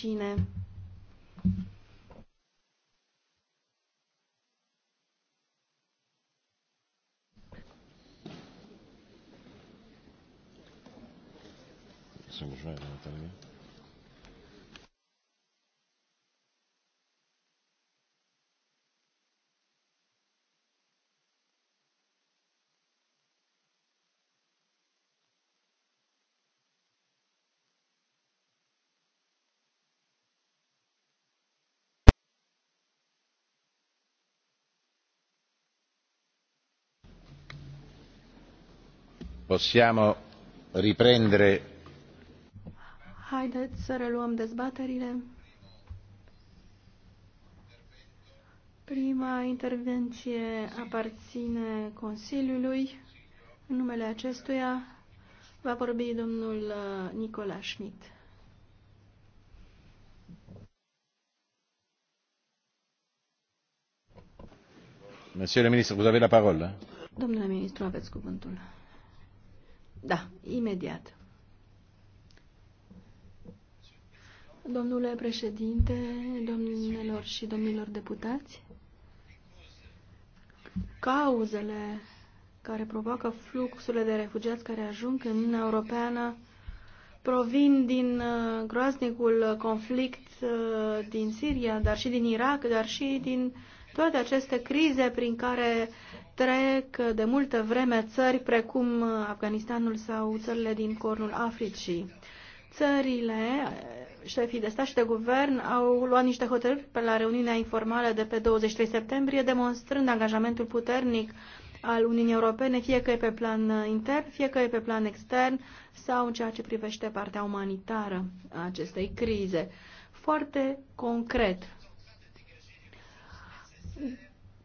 Cine? Să-mi joaie, Natalia. Possiamo riprendere. Haideți să reluăm dezbaterile. Prima intervenție aparține Consiliului. În numele acestuia va vorbi domnul uh, Nicola Schmidt. Monsieur le ministre, vous avez la parole. Domnule ministru, aveți cuvântul. Da, imediat. Domnule președinte, domnilor și domnilor deputați, cauzele care provoacă fluxurile de refugiați care ajung în Uniunea Europeană provin din uh, groaznicul conflict uh, din Siria, dar și din Irak, dar și din toate aceste crize prin care trec de multă vreme țări precum Afganistanul sau țările din cornul Africii. Țările, șefii de stat și de guvern au luat niște hotărâri pe la reuniunea informală de pe 23 septembrie, demonstrând angajamentul puternic al Uniunii Europene, fie că e pe plan intern, fie că e pe plan extern sau în ceea ce privește partea umanitară a acestei crize. Foarte concret.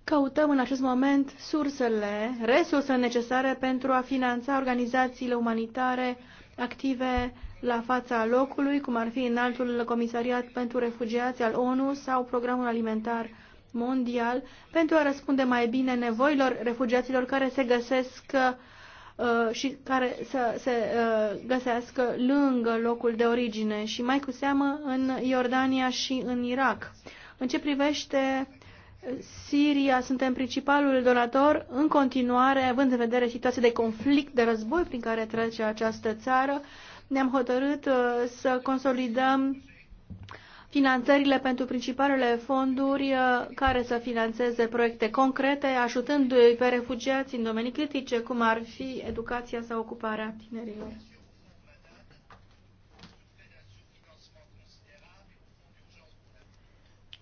Căutăm în acest moment sursele, resursele necesare pentru a finanța organizațiile umanitare active la fața locului, cum ar fi înaltul comisariat pentru refugiați al ONU sau programul alimentar mondial, pentru a răspunde mai bine nevoilor refugiaților care se găsesc uh, și care să se uh, găsească lângă locul de origine și mai cu seamă în Iordania și în Irak. În ce privește Siria suntem principalul donator în continuare, având în vedere situația de conflict, de război prin care trece această țară. Ne-am hotărât uh, să consolidăm finanțările pentru principalele fonduri uh, care să financeze proiecte concrete, ajutându-i pe refugiați în domenii critice, cum ar fi educația sau ocuparea tinerilor.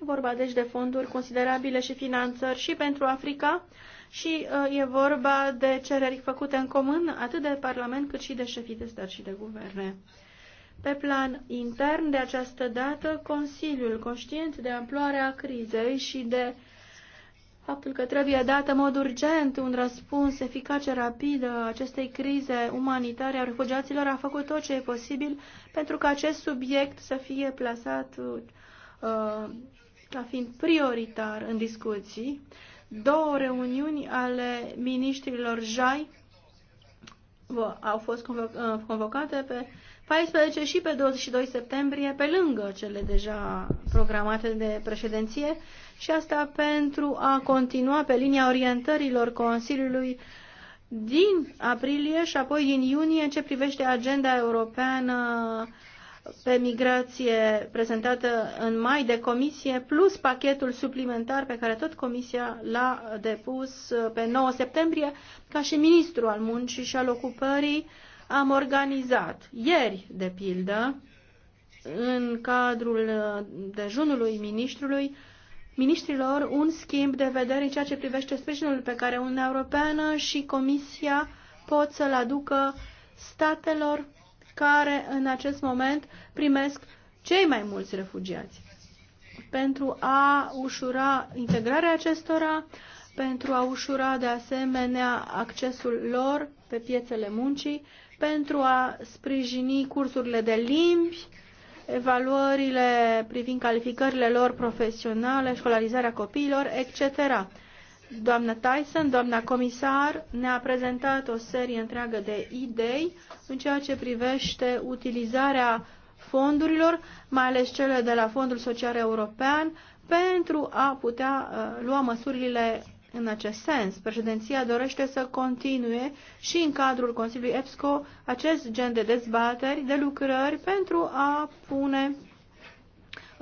Vorba deci de fonduri considerabile și finanțări și pentru Africa și uh, e vorba de cereri făcute în comun atât de Parlament cât și de șefii de stat și de guverne. Pe plan intern, de această dată, Consiliul, conștient de amploarea crizei și de faptul că trebuie dat în mod urgent un răspuns eficace, rapid uh, acestei crize umanitare a refugiaților, a făcut tot ce e posibil pentru ca acest subiect să fie plasat uh, ca fiind prioritar în discuții două reuniuni ale ministrilor JAI au fost uh, convocate pe 14 și pe 22 septembrie, pe lângă cele deja programate de președinție, și asta pentru a continua pe linia orientărilor Consiliului din aprilie și apoi din iunie în ce privește agenda europeană uh, pe migrație prezentată în mai de comisie, plus pachetul suplimentar pe care tot comisia l-a depus pe 9 septembrie, ca și ministru al muncii și al ocupării, am organizat ieri, de pildă, în cadrul dejunului ministrului, ministrilor un schimb de vedere în ceea ce privește sprijinul pe care Uniunea Europeană și Comisia pot să-l aducă statelor care în acest moment primesc cei mai mulți refugiați. Pentru a ușura integrarea acestora, pentru a ușura de asemenea accesul lor pe piețele muncii, pentru a sprijini cursurile de limbi, evaluările privind calificările lor profesionale, școlarizarea copiilor, etc. Doamna Tyson, doamna comisar, ne-a prezentat o serie întreagă de idei în ceea ce privește utilizarea fondurilor, mai ales cele de la Fondul Social European, pentru a putea uh, lua măsurile în acest sens. Președinția dorește să continue și în cadrul Consiliului EPSCO acest gen de dezbateri, de lucrări pentru a pune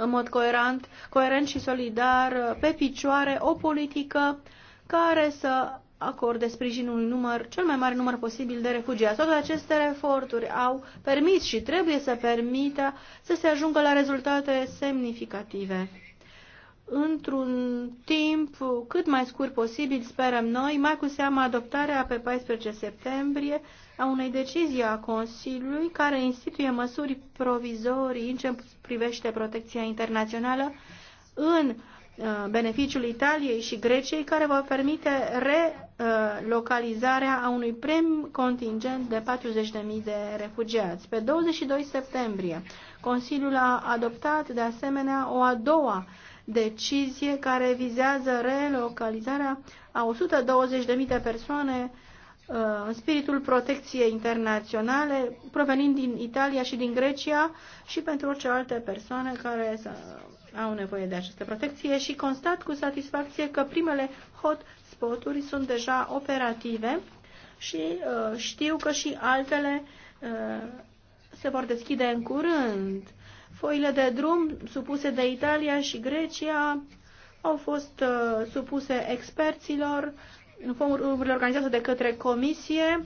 în mod coerent, coerent și solidar pe picioare o politică care să acorde sprijinul unui număr, cel mai mare număr posibil de refugiați. Toate aceste eforturi au permis și trebuie să permită să se ajungă la rezultate semnificative. Într-un timp cât mai scurt posibil, sperăm noi, mai cu seama adoptarea pe 14 septembrie a unei decizii a Consiliului care instituie măsuri provizorii în ce privește protecția internațională în uh, beneficiul Italiei și Greciei, care va permite relocalizarea a unui prim contingent de 40.000 de refugiați. Pe 22 septembrie, Consiliul a adoptat de asemenea o a doua decizie care vizează relocalizarea a 120.000 de persoane Uh, în spiritul protecției internaționale provenind din Italia și din Grecia și pentru orice alte persoane care au nevoie de această protecție și constat cu satisfacție că primele hotspoturi sunt deja operative și uh, știu că și altele uh, se vor deschide în curând. Foile de drum supuse de Italia și Grecia au fost supuse experților în forurile organizate de către Comisie,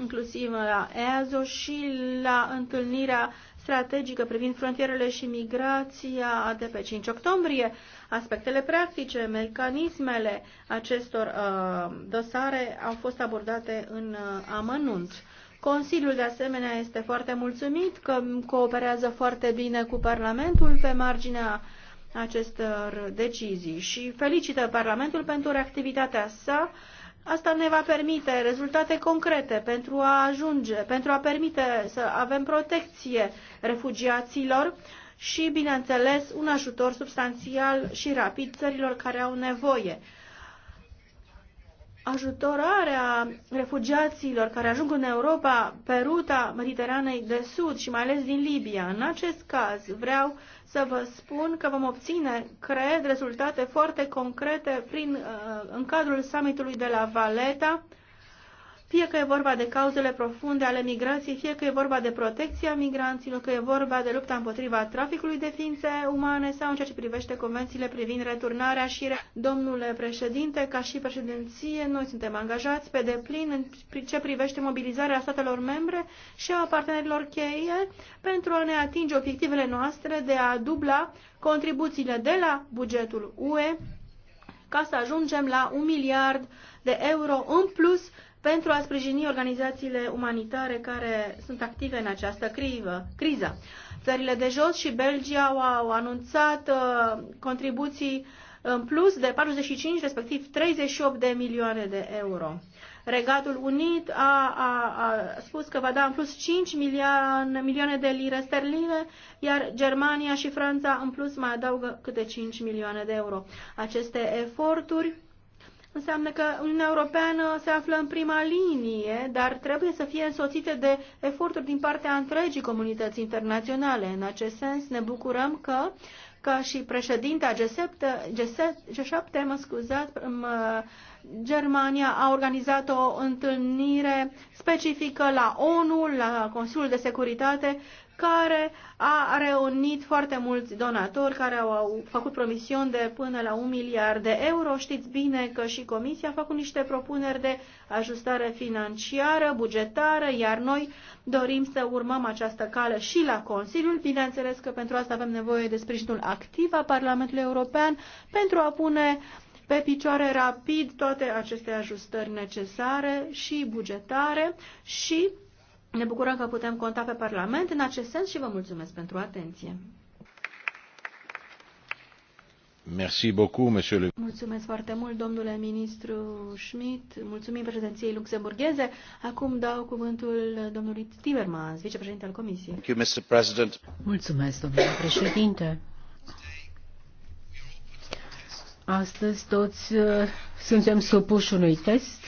inclusiv la EASO și la întâlnirea strategică privind frontierele și migrația de pe 5 octombrie. Aspectele practice, mecanismele acestor uh, dosare au fost abordate în uh, amănunt. Consiliul, de asemenea, este foarte mulțumit că cooperează foarte bine cu Parlamentul pe marginea uh, acestor decizii și felicită Parlamentul pentru activitatea sa. Asta ne va permite rezultate concrete pentru a ajunge, pentru a permite să avem protecție refugiaților și, bineînțeles, un ajutor substanțial și rapid țărilor care au nevoie ajutorarea refugiaților care ajung în Europa pe ruta Mediteranei de Sud și mai ales din Libia. În acest caz vreau să vă spun că vom obține, cred, rezultate foarte concrete prin, uh, în cadrul summitului de la Valeta, fie că e vorba de cauzele profunde ale migrației, fie că e vorba de protecția migranților, că e vorba de lupta împotriva traficului de ființe umane sau în ceea ce privește convențiile privind returnarea și re... Domnule președinte, ca și președinție, noi suntem angajați pe deplin în ce privește mobilizarea statelor membre și a partenerilor cheie pentru a ne atinge obiectivele noastre de a dubla contribuțiile de la bugetul UE ca să ajungem la un miliard de euro în plus pentru a sprijini organizațiile umanitare care sunt active în această crivă, criză. Țările de jos și Belgia au anunțat uh, contribuții în plus de 45, respectiv 38 de milioane de euro. Regatul Unit a, a, a spus că va da în plus 5 milioane, milioane de lire sterline, iar Germania și Franța în plus mai adaugă câte 5 milioane de euro. Aceste eforturi înseamnă că Uniunea Europeană se află în prima linie, dar trebuie să fie însoțite de eforturi din partea întregii comunități internaționale. În acest sens, ne bucurăm că, ca și președinta G7, G7 mă scuzat, Germania a organizat o întâlnire specifică la ONU, la Consiliul de Securitate, care a reunit foarte mulți donatori care au făcut promisiuni de până la un miliard de euro. Știți bine că și Comisia a făcut niște propuneri de ajustare financiară, bugetară, iar noi dorim să urmăm această cale și la Consiliul. Bineînțeles că pentru asta avem nevoie de sprijinul activ a Parlamentului European pentru a pune pe picioare rapid toate aceste ajustări necesare și bugetare și ne bucurăm că putem conta pe Parlament în acest sens și vă mulțumesc pentru atenție. Merci beaucoup, monsieur le... Mulțumesc foarte mult, domnule ministru Schmidt. Mulțumim președinției luxemburgheze. Acum dau cuvântul domnului Timmermans, vicepreședinte al Comisiei. Thank you, Mr. President. Mulțumesc, domnule președinte. Astăzi toți uh, suntem supuși unui test,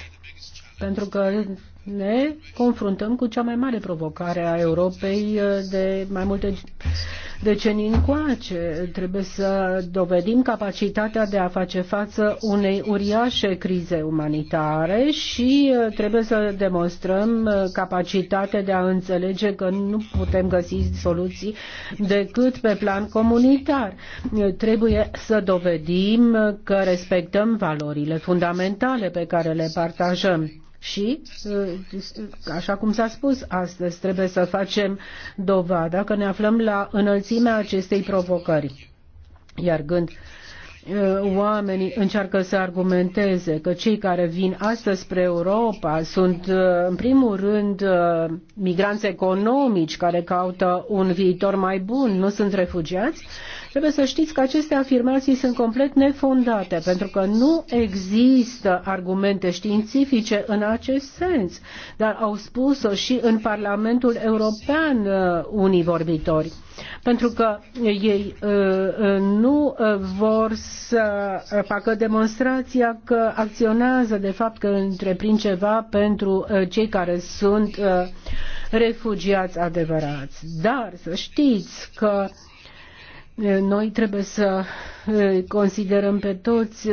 pentru că ne confruntăm cu cea mai mare provocare a Europei uh, de mai multe decenii încoace. Trebuie să dovedim capacitatea de a face față unei uriașe crize umanitare și uh, trebuie să demonstrăm uh, capacitatea de a înțelege că nu putem găsi soluții decât pe plan comunitar. Trebuie să dovedim că respectăm valorile fundamentale pe care le partajăm și, uh, așa cum s-a spus astăzi, trebuie să facem dovada că ne aflăm la înălțimea acestei provocări. Iar gând uh, oamenii încearcă să argumenteze că cei care vin astăzi spre Europa sunt uh, în primul rând migranți economici care caută un viitor mai bun, nu sunt refugiați, Trebuie să știți că aceste afirmații sunt complet nefondate, pentru că nu există argumente științifice în acest sens, dar au spus-o și în Parlamentul European uh, unii vorbitori, pentru că ei uh, uh, nu vor să facă demonstrația că acționează, de fapt, că întreprind ceva pentru cei care sunt refugiați adevărați. Dar să știți că noi trebuie să considerăm pe toți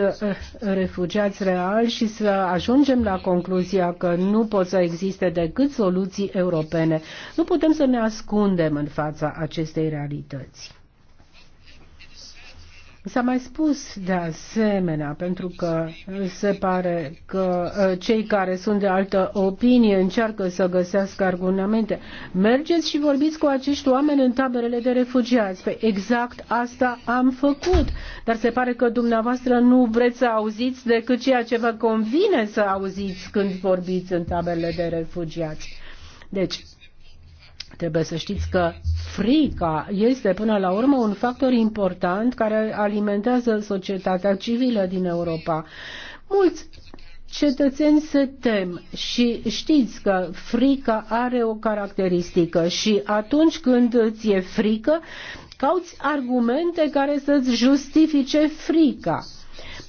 refugiați reali și să ajungem la concluzia că nu pot să existe decât soluții europene. Nu putem să ne ascundem în fața acestei realități. S-a mai spus de asemenea, pentru că se pare că ă, cei care sunt de altă opinie încearcă să găsească argumente. Mergeți și vorbiți cu acești oameni în taberele de refugiați. Păi exact asta am făcut. Dar se pare că dumneavoastră nu vreți să auziți decât ceea ce vă convine să auziți când vorbiți în taberele de refugiați. Deci, Trebuie să știți că frica este până la urmă un factor important care alimentează societatea civilă din Europa. Mulți cetățeni se tem și știți că frica are o caracteristică și atunci când îți e frică, cauți argumente care să-ți justifice frica.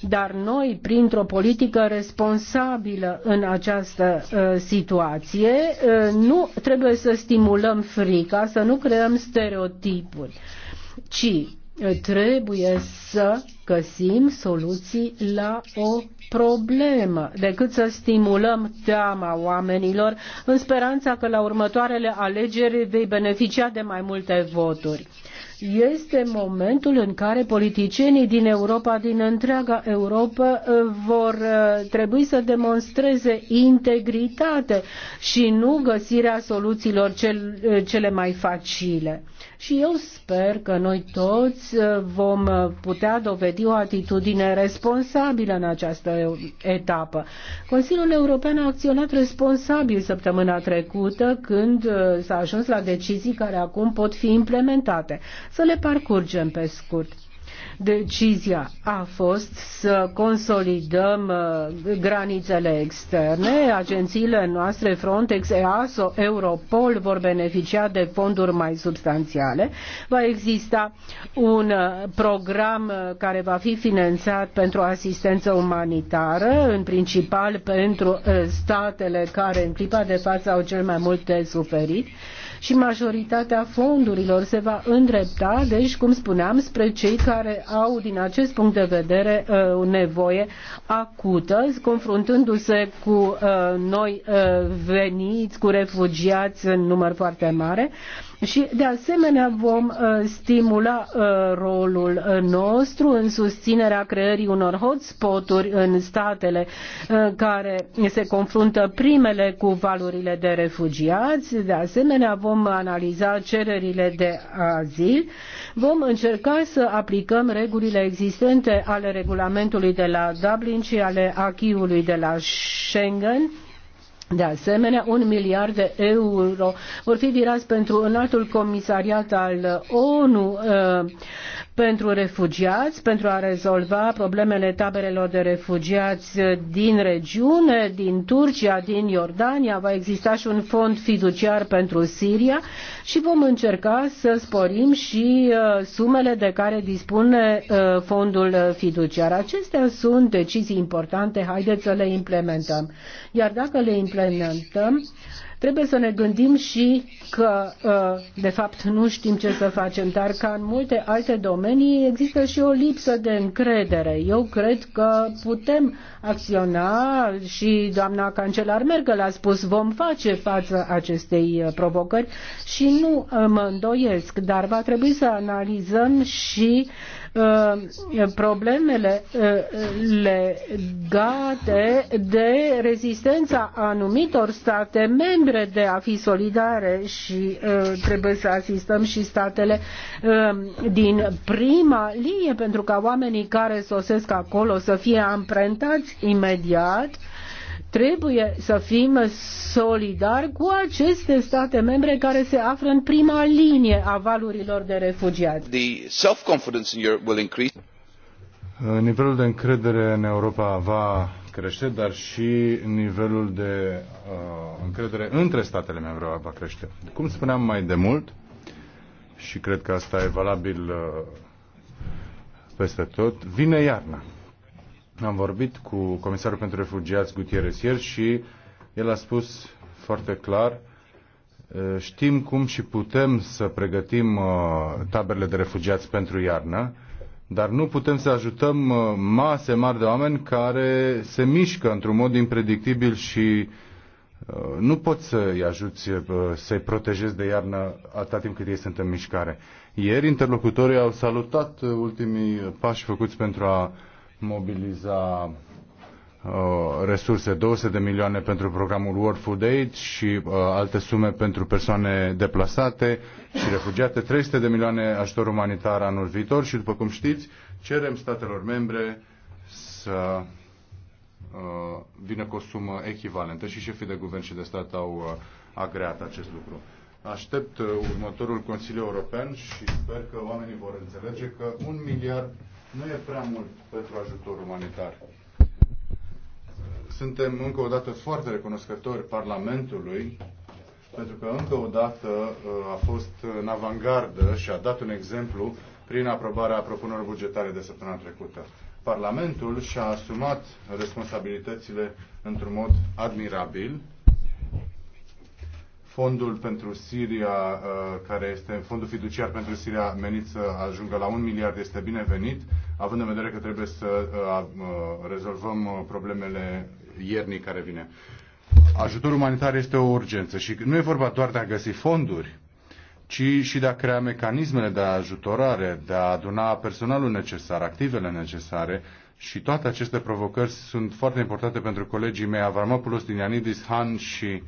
Dar noi, printr-o politică responsabilă în această uh, situație, uh, nu trebuie să stimulăm frica, să nu creăm stereotipuri, ci uh, trebuie să găsim soluții la o problemă, decât să stimulăm teama oamenilor în speranța că la următoarele alegeri vei beneficia de mai multe voturi. Este momentul în care politicienii din Europa, din întreaga Europa, uh, vor uh, trebui să demonstreze integritate și nu găsirea soluțiilor cel, uh, cele mai facile. Și eu sper că noi toți vom putea dovedi o atitudine responsabilă în această etapă. Consiliul European a acționat responsabil săptămâna trecută când s-a ajuns la decizii care acum pot fi implementate să le parcurgem pe scurt. Decizia a fost să consolidăm uh, granițele externe. Agențiile noastre Frontex, EASO, Europol vor beneficia de fonduri mai substanțiale. Va exista un uh, program uh, care va fi finanțat pentru asistență umanitară, în principal pentru statele care în clipa de față au cel mai mult de suferit și majoritatea fondurilor se va îndrepta, deci, cum spuneam, spre cei care au, din acest punct de vedere, uh, nevoie acută, confruntându-se cu uh, noi uh, veniți, cu refugiați în număr foarte mare. Și, de asemenea, vom stimula rolul nostru în susținerea creării unor hotspoturi în statele care se confruntă primele cu valurile de refugiați. De asemenea, vom vom analiza cererile de azil, vom încerca să aplicăm regulile existente ale regulamentului de la Dublin și ale acquis de la Schengen. De asemenea, un miliard de euro vor fi virați pentru înaltul comisariat al ONU uh, pentru refugiați, pentru a rezolva problemele taberelor de refugiați din regiune, din Turcia, din Iordania. Va exista și un fond fiduciar pentru Siria și vom încerca să sporim și uh, sumele de care dispune uh, fondul fiduciar. Acestea sunt decizii importante, haideți să le implementăm. Iar dacă le implementăm, Trebuie să ne gândim și că, uh, de fapt, nu știm ce să facem, dar ca în multe alte domenii există și o lipsă de încredere. Eu cred că putem acționa și doamna cancelar Merkel a spus vom face față acestei uh, provocări și nu uh, mă îndoiesc, dar va trebui să analizăm și uh, Uh, problemele uh, legate de rezistența anumitor state membre de a fi solidare și uh, trebuie să asistăm și statele din prima linie pentru ca oamenii care sosesc acolo să fie amprentați imediat Trebuie să fim solidari cu aceste state membre care se află în prima linie a valurilor de refugiați. The self-confidence in Europe will increase. Uh, nivelul de încredere în Europa va crește, dar și nivelul de uh, încredere între statele membre va crește. Cum spuneam mai de mult, și cred că asta e valabil uh, peste tot, vine iarna. Am vorbit cu Comisarul pentru Refugiați Gutierrez ieri și el a spus foarte clar știm cum și putem să pregătim uh, taberele de refugiați pentru iarnă, dar nu putem să ajutăm uh, mase mari de oameni care se mișcă într-un mod impredictibil și uh, nu poți să-i ajuți să-i protejezi de iarnă atâta timp cât ei sunt în mișcare. Ieri interlocutorii au salutat ultimii pași făcuți pentru a mobiliza uh, resurse, 200 de milioane pentru programul World Food Aid și uh, alte sume pentru persoane deplasate și refugiate, 300 de milioane ajutor umanitar anul viitor și, după cum știți, cerem statelor membre să uh, vină cu o sumă echivalentă și șefii de guvern și de stat au uh, agreat acest lucru. Aștept uh, următorul Consiliu European și sper că oamenii vor înțelege că un miliard nu e prea mult pentru ajutor umanitar. Suntem încă o dată foarte recunoscători Parlamentului pentru că încă o dată uh, a fost în avangardă și a dat un exemplu prin aprobarea propunerilor bugetare de săptămâna trecută. Parlamentul și-a asumat responsabilitățile într-un mod admirabil. Fondul pentru Siria, uh, care este fondul fiduciar pentru Siria menit să ajungă la un miliard, este binevenit având în vedere că trebuie să uh, uh, rezolvăm uh, problemele iernii care vine. Ajutorul umanitar este o urgență și nu e vorba doar de a găsi fonduri, ci și de a crea mecanismele de ajutorare, de a aduna personalul necesar, activele necesare și toate aceste provocări sunt foarte importante pentru colegii mei Avramopoulos, Dinianidis, Han și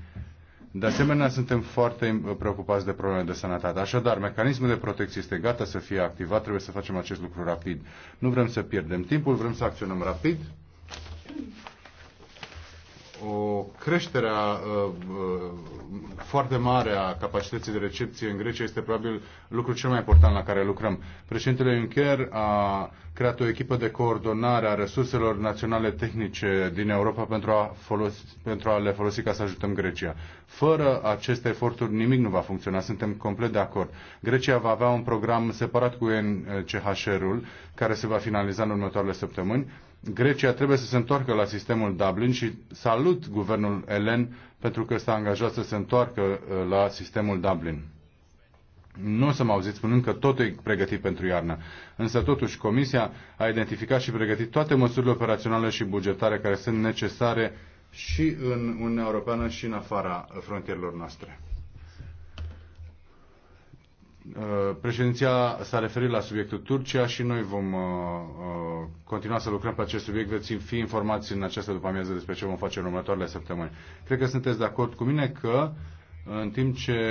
de asemenea, suntem foarte uh, preocupați de probleme de sănătate. Așadar, mecanismul de protecție este gata să fie activat, trebuie să facem acest lucru rapid. Nu vrem să pierdem timpul, vrem să acționăm rapid o creștere a, foarte mare a capacității de recepție în Grecia este probabil lucrul cel mai important la care lucrăm. Președintele Juncker a creat o echipă de coordonare a resurselor naționale tehnice din Europa pentru a, folosi, pentru a le folosi ca să ajutăm Grecia. Fără aceste eforturi nimic nu va funcționa, suntem complet de acord. Grecia va avea un program separat cu NCHR-ul care se va finaliza în următoarele săptămâni Grecia trebuie să se întoarcă la sistemul Dublin și salut guvernul elen pentru că s-a angajat să se întoarcă uh, la sistemul Dublin. Nu o să mă auziți spunând că totul e pregătit pentru iarnă. Însă totuși Comisia a identificat și pregătit toate măsurile operaționale și bugetare care sunt necesare și în Uniunea Europeană și în afara frontierelor noastre. Uh, președinția s-a referit la subiectul Turcia și noi vom uh, uh, continua să lucrăm pe acest subiect. Veți fi informați în această după-amiază despre ce vom face în următoarele săptămâni. Cred că sunteți de acord cu mine că în timp ce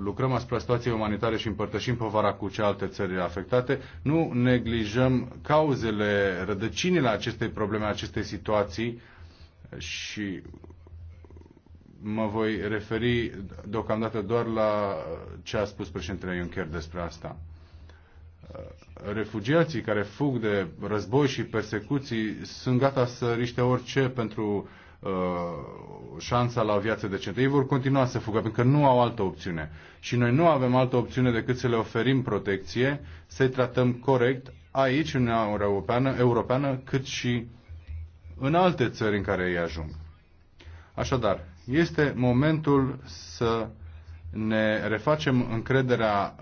lucrăm asupra situației umanitare și împărtășim povara cu cealaltă țări afectate, nu neglijăm cauzele, rădăcinile acestei probleme, acestei situații și mă voi referi deocamdată doar la ce a spus președintele Juncker despre asta. Refugiații care fug de război și persecuții sunt gata să riște orice pentru uh, șansa la o viață decentă. Ei vor continua să fugă pentru că nu au altă opțiune. Și noi nu avem altă opțiune decât să le oferim protecție, să-i tratăm corect aici, în Uniunea Europeană, Europeană, cât și în alte țări în care ei ajung. Așadar, este momentul să ne refacem încrederea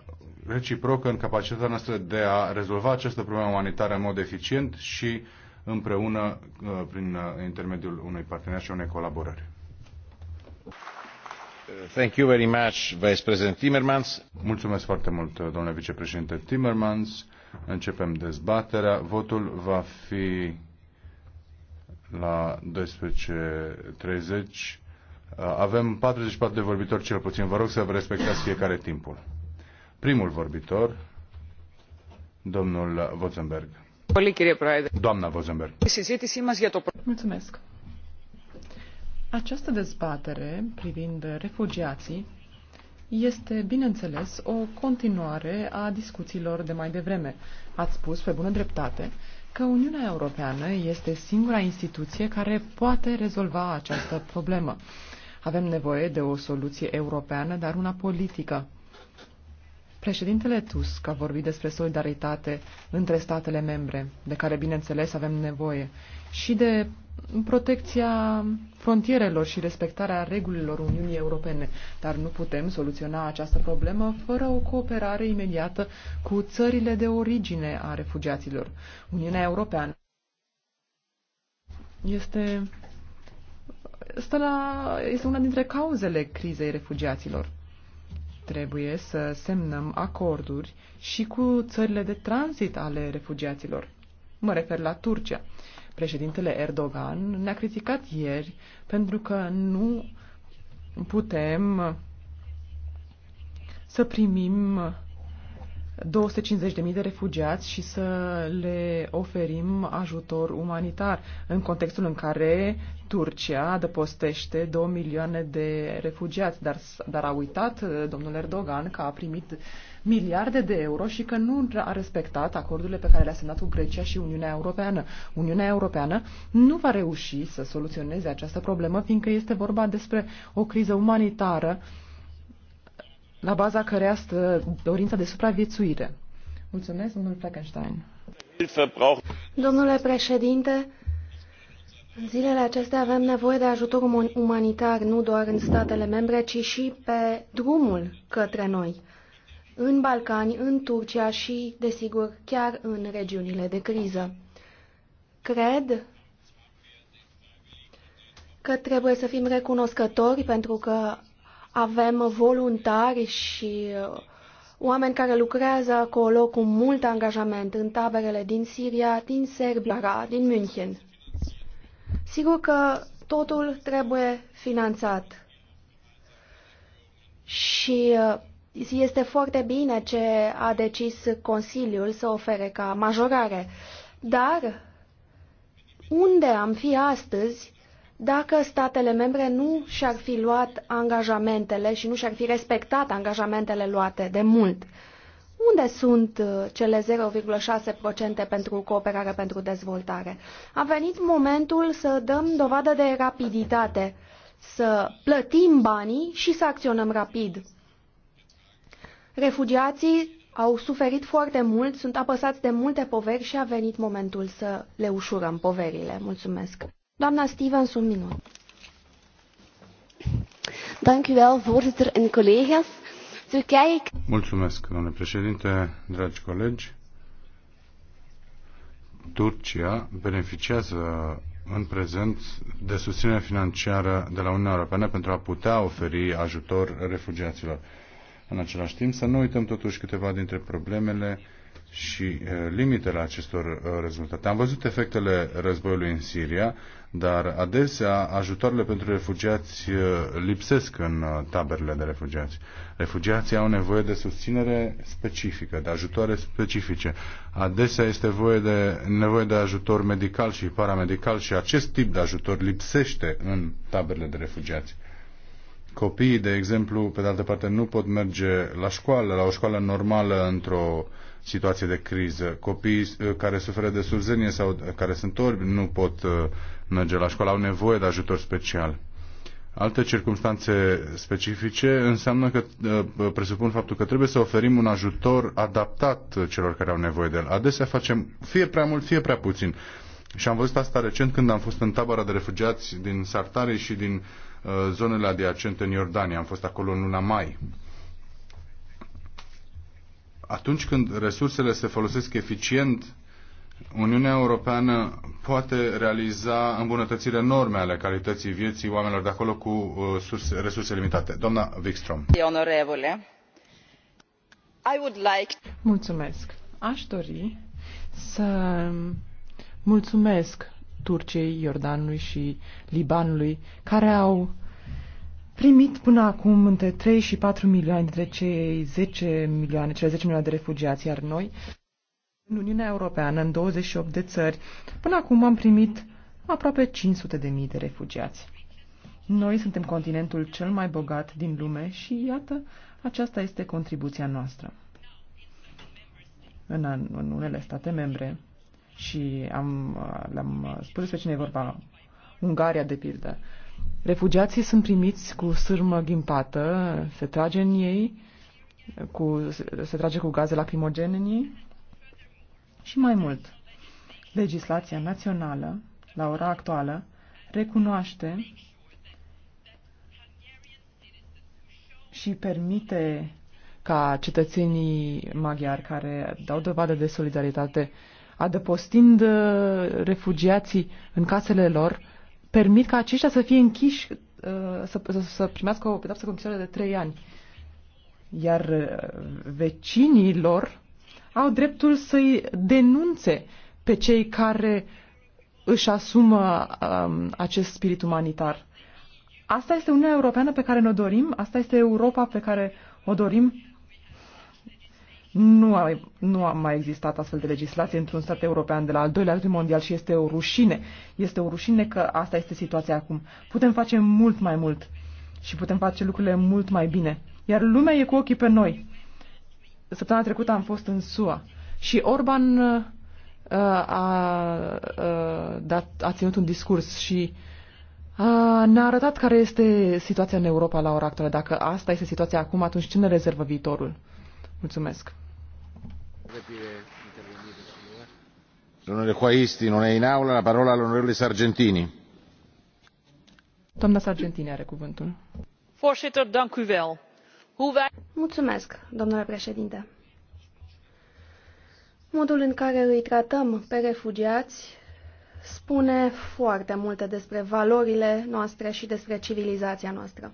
reciprocă în capacitatea noastră de a rezolva această problemă umanitară în mod eficient și împreună uh, prin uh, intermediul unui parteneriat și unei colaborări. Thank you very much, Vice President Timmermans. Mulțumesc foarte mult, uh, domnule vicepreședinte Timmermans. Începem dezbaterea. Votul va fi la 12.30 Uh, avem 44 de vorbitori cel puțin. Vă rog să vă respectați fiecare timpul. Primul vorbitor, domnul Vozenberg. Doamna Vozenberg. Mulțumesc. Această dezbatere privind refugiații este, bineînțeles, o continuare a discuțiilor de mai devreme. Ați spus, pe bună dreptate, că Uniunea Europeană este singura instituție care poate rezolva această problemă. Avem nevoie de o soluție europeană, dar una politică. Președintele Tusk a vorbit despre solidaritate între statele membre, de care, bineînțeles, avem nevoie, și de protecția frontierelor și respectarea regulilor Uniunii Europene. Dar nu putem soluționa această problemă fără o cooperare imediată cu țările de origine a refugiaților. Uniunea Europeană este asta la, este una dintre cauzele crizei refugiaților. Trebuie să semnăm acorduri și cu țările de tranzit ale refugiaților. Mă refer la Turcia. Președintele Erdogan ne-a criticat ieri pentru că nu putem să primim 250.000 de refugiați și să le oferim ajutor umanitar în contextul în care Turcia adăpostește 2 milioane de refugiați, dar, dar a uitat uh, domnul Erdogan că a primit miliarde de euro și că nu a respectat acordurile pe care le-a semnat cu Grecia și Uniunea Europeană. Uniunea Europeană nu va reuși să soluționeze această problemă, fiindcă este vorba despre o criză umanitară uh, la baza căreia stă dorința de supraviețuire. Mulțumesc, domnul Fleckenstein. Domnule președinte, în zilele acestea avem nevoie de ajutor umanitar nu doar în statele membre, ci și pe drumul către noi, în Balcani, în Turcia și, desigur, chiar în regiunile de criză. Cred că trebuie să fim recunoscători pentru că avem voluntari și uh, oameni care lucrează acolo cu mult angajament în taberele din Siria, din Serbia, da, din München. Sigur că totul trebuie finanțat. Și uh, este foarte bine ce a decis Consiliul să ofere ca majorare. Dar unde am fi astăzi dacă statele membre nu și-ar fi luat angajamentele și nu și-ar fi respectat angajamentele luate de mult. Unde sunt uh, cele 0,6% pentru cooperare pentru dezvoltare? A venit momentul să dăm dovadă de rapiditate, să plătim banii și să acționăm rapid. Refugiații au suferit foarte mult, sunt apăsați de multe poveri și a venit momentul să le ușurăm poverile. Mulțumesc! Doamna Stevens, un minut. Dank u wel, voorzitter en collega's. Turkije... Mulțumesc, domnule președinte, dragi colegi. Turcia beneficiază în prezent de susținere financiară de la Uniunea Europeană pentru a putea oferi ajutor refugiaților. În același timp, să nu uităm totuși câteva dintre problemele uh, și limitele acestor rezultate. Am văzut efectele războiului în Siria, dar adesea ajutoarele pentru refugiați lipsesc în taberele de refugiați. Refugiații au nevoie de susținere specifică, de ajutoare specifice. Adesea este voie de, nevoie de ajutor medical și paramedical și acest tip de ajutor lipsește în taberele de refugiați. Copiii, de exemplu, pe de altă parte, nu pot merge la școală, la o școală normală într-o situație de criză. Copiii uh, care suferă de surzenie sau uh, care sunt orbi nu pot uh, merge la școală, au nevoie de ajutor special. Alte circunstanțe specifice înseamnă că presupun faptul că trebuie să oferim un ajutor adaptat celor care au nevoie de el. Adesea facem fie prea mult, fie prea puțin. Și am văzut asta recent când am fost în tabăra de refugiați din Sartare și din Uh, zonele adiacente în Iordania. Am fost acolo în luna mai. Atunci când resursele se folosesc eficient, Uniunea Europeană poate realiza îmbunătățiri enorme ale calității vieții oamenilor de acolo cu uh, surse, resurse limitate. Doamna Wikström. I would like... Mulțumesc. Aș dori să mulțumesc Turciei, Iordanului și Libanului, care au primit până acum între 3 și 4 milioane dintre cei 10 milioane, cele 10 milioane de refugiați, iar noi, în Uniunea Europeană, în 28 de țări, până acum am primit aproape 500 de mii de refugiați. Noi suntem continentul cel mai bogat din lume și, iată, aceasta este contribuția noastră. În, în unele state membre, și am, le-am spus despre cine e vorba, Ungaria de pildă. Refugiații sunt primiți cu sârmă ghimpată, se trage în ei, cu, se trage cu gaze lacrimogene în ei și mai mult. Legislația națională, la ora actuală, recunoaște și permite ca cetățenii maghiari care dau dovadă de solidaritate uh, adăpostind uh, refugiații în casele lor, permit ca aceștia să fie închiși, uh, să, să, să primească o pedapsă condiționată de trei ani. Iar uh, vecinii lor au dreptul să-i denunțe pe cei care își asumă um, acest spirit umanitar. Asta este Uniunea Europeană pe care ne-o dorim, asta este Europa pe care o dorim nu a, nu a mai existat astfel de legislație într-un stat european de la al doilea război mondial și este o rușine. Este o rușine că asta este situația acum. Putem face mult mai mult și putem face lucrurile mult mai bine. Iar lumea e cu ochii pe noi. Săptămâna trecută am fost în SUA și Orban uh, a, uh, a, a, a ținut un discurs și ne-a arătat care este situația în Europa la ora actuală. Dacă asta este situația acum, atunci ce ne rezervă viitorul? Mulțumesc! Domnule Hoaisti, nu e în aula, la parola al Sargentini. Doamna Sargentini are cuvântul. Voorzitter, dank u wel. Mulțumesc, domnule președinte. Modul în care îi tratăm pe refugiați spune foarte multe despre valorile noastre și despre civilizația noastră.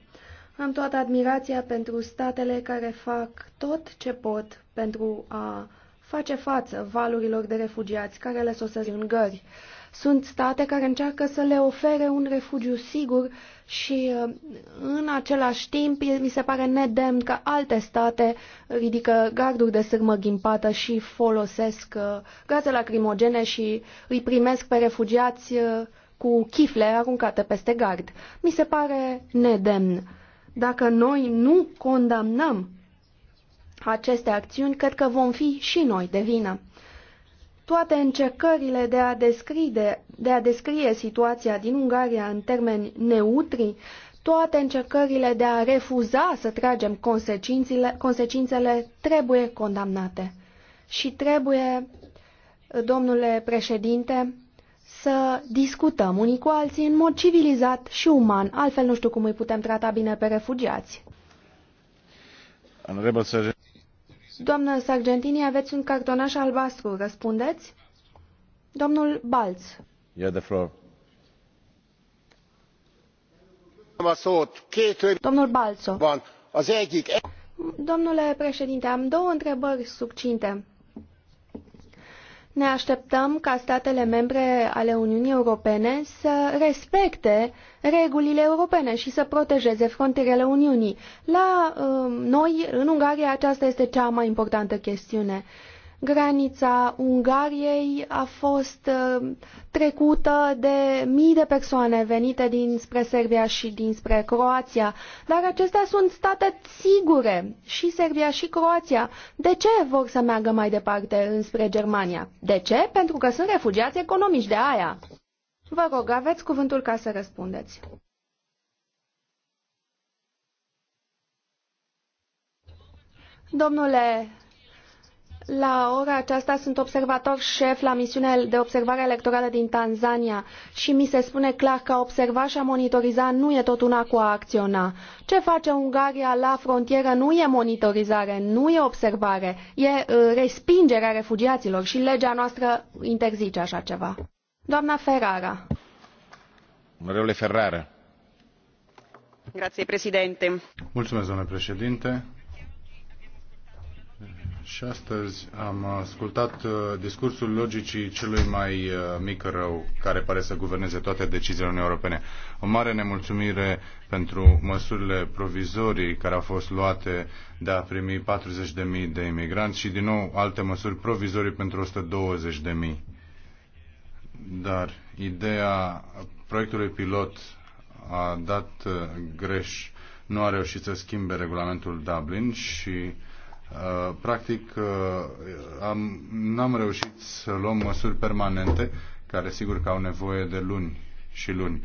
Am toată admirația pentru statele care fac tot ce pot pentru a face față valurilor de refugiați care le sosesc în gări. Sunt state care încearcă să le ofere un refugiu sigur și uh, în același timp mi se pare nedemn că alte state ridică garduri de sârmă ghimpată și folosesc uh, gaze lacrimogene și îi primesc pe refugiați uh, cu chifle aruncate peste gard. Mi se pare nedemn. Dacă noi nu condamnăm aceste acțiuni, cred că vom fi și noi de vină. Toate încercările de a, descrie, de a descrie situația din Ungaria în termeni neutri, toate încercările de a refuza să tragem consecințele, consecințele trebuie condamnate. Și trebuie, domnule președinte, să discutăm unii cu alții în mod civilizat și uman, altfel nu știu cum îi putem trata bine pe refugiați. Doamnă Sargentini, aveți un cartonaș albastru, răspundeți? Domnul Balț. Yeah, the floor. Domnul Balțo. Domnule președinte, am două întrebări succinte ne așteptăm ca statele membre ale Uniunii Europene să respecte regulile europene și să protejeze frontierele Uniunii. La uh, noi, în Ungaria, aceasta este cea mai importantă chestiune. Granița Ungariei a fost uh, trecută de mii de persoane venite dinspre Serbia și dinspre Croația, dar acestea sunt state sigure, și Serbia și Croația. De ce vor să meargă mai departe înspre Germania? De ce? Pentru că sunt refugiați economici de aia. Vă rog, aveți cuvântul ca să răspundeți. Domnule la ora aceasta sunt observator șef la misiunea de observare electorală din Tanzania și mi se spune clar că a observa și a monitoriza nu e tot una cu a acționa. Ce face Ungaria la frontieră nu e monitorizare, nu e observare, e uh, respingerea refugiaților și legea noastră interzice așa ceva. Doamna Ferrara. Onorevole Ferrara. Grazie, președinte. Mulțumesc, domnule președinte. Și astăzi am ascultat uh, discursul logicii celui mai uh, mic rău care pare să guverneze toate deciziile Uniunii Europene. O mare nemulțumire pentru măsurile provizorii care au fost luate de a primi 40.000 de imigranți și din nou alte măsuri provizorii pentru 120.000. Dar ideea proiectului pilot a dat uh, greș, nu a reușit să schimbe regulamentul Dublin și Uh, practic uh, am, n-am reușit să luăm măsuri permanente, care sigur că au nevoie de luni și luni.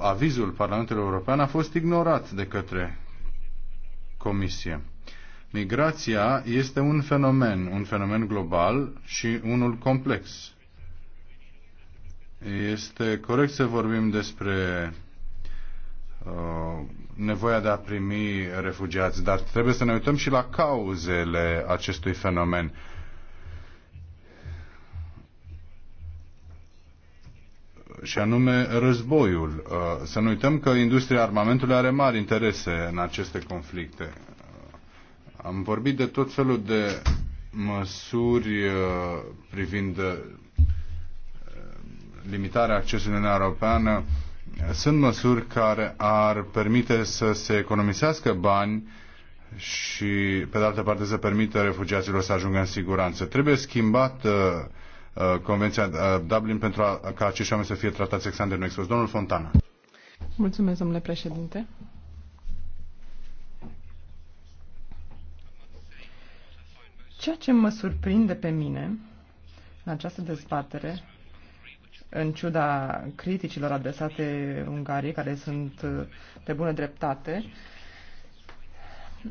Avizul Parlamentului European a fost ignorat de către Comisie. Migrația este un fenomen, un fenomen global și unul complex. Este corect să vorbim despre uh, nevoia de a primi refugiați, dar trebuie să ne uităm și la cauzele acestui fenomen. și anume războiul. Uh, să nu uităm că industria armamentului are mari interese în aceste conflicte. Uh, am vorbit de tot felul de măsuri uh, privind limitarea accesului în Europeană sunt măsuri care ar permite să se economisească bani și, pe de altă parte, să permită refugiaților să ajungă în siguranță. Trebuie schimbat uh, uh Convenția uh, Dublin pentru a, ca acești oameni să fie tratați Alexander nu expus. Domnul Fontana. Mulțumesc, domnule președinte. Ceea ce mă surprinde pe mine în această dezbatere în ciuda criticilor adresate Ungariei, care sunt pe uh, bună dreptate,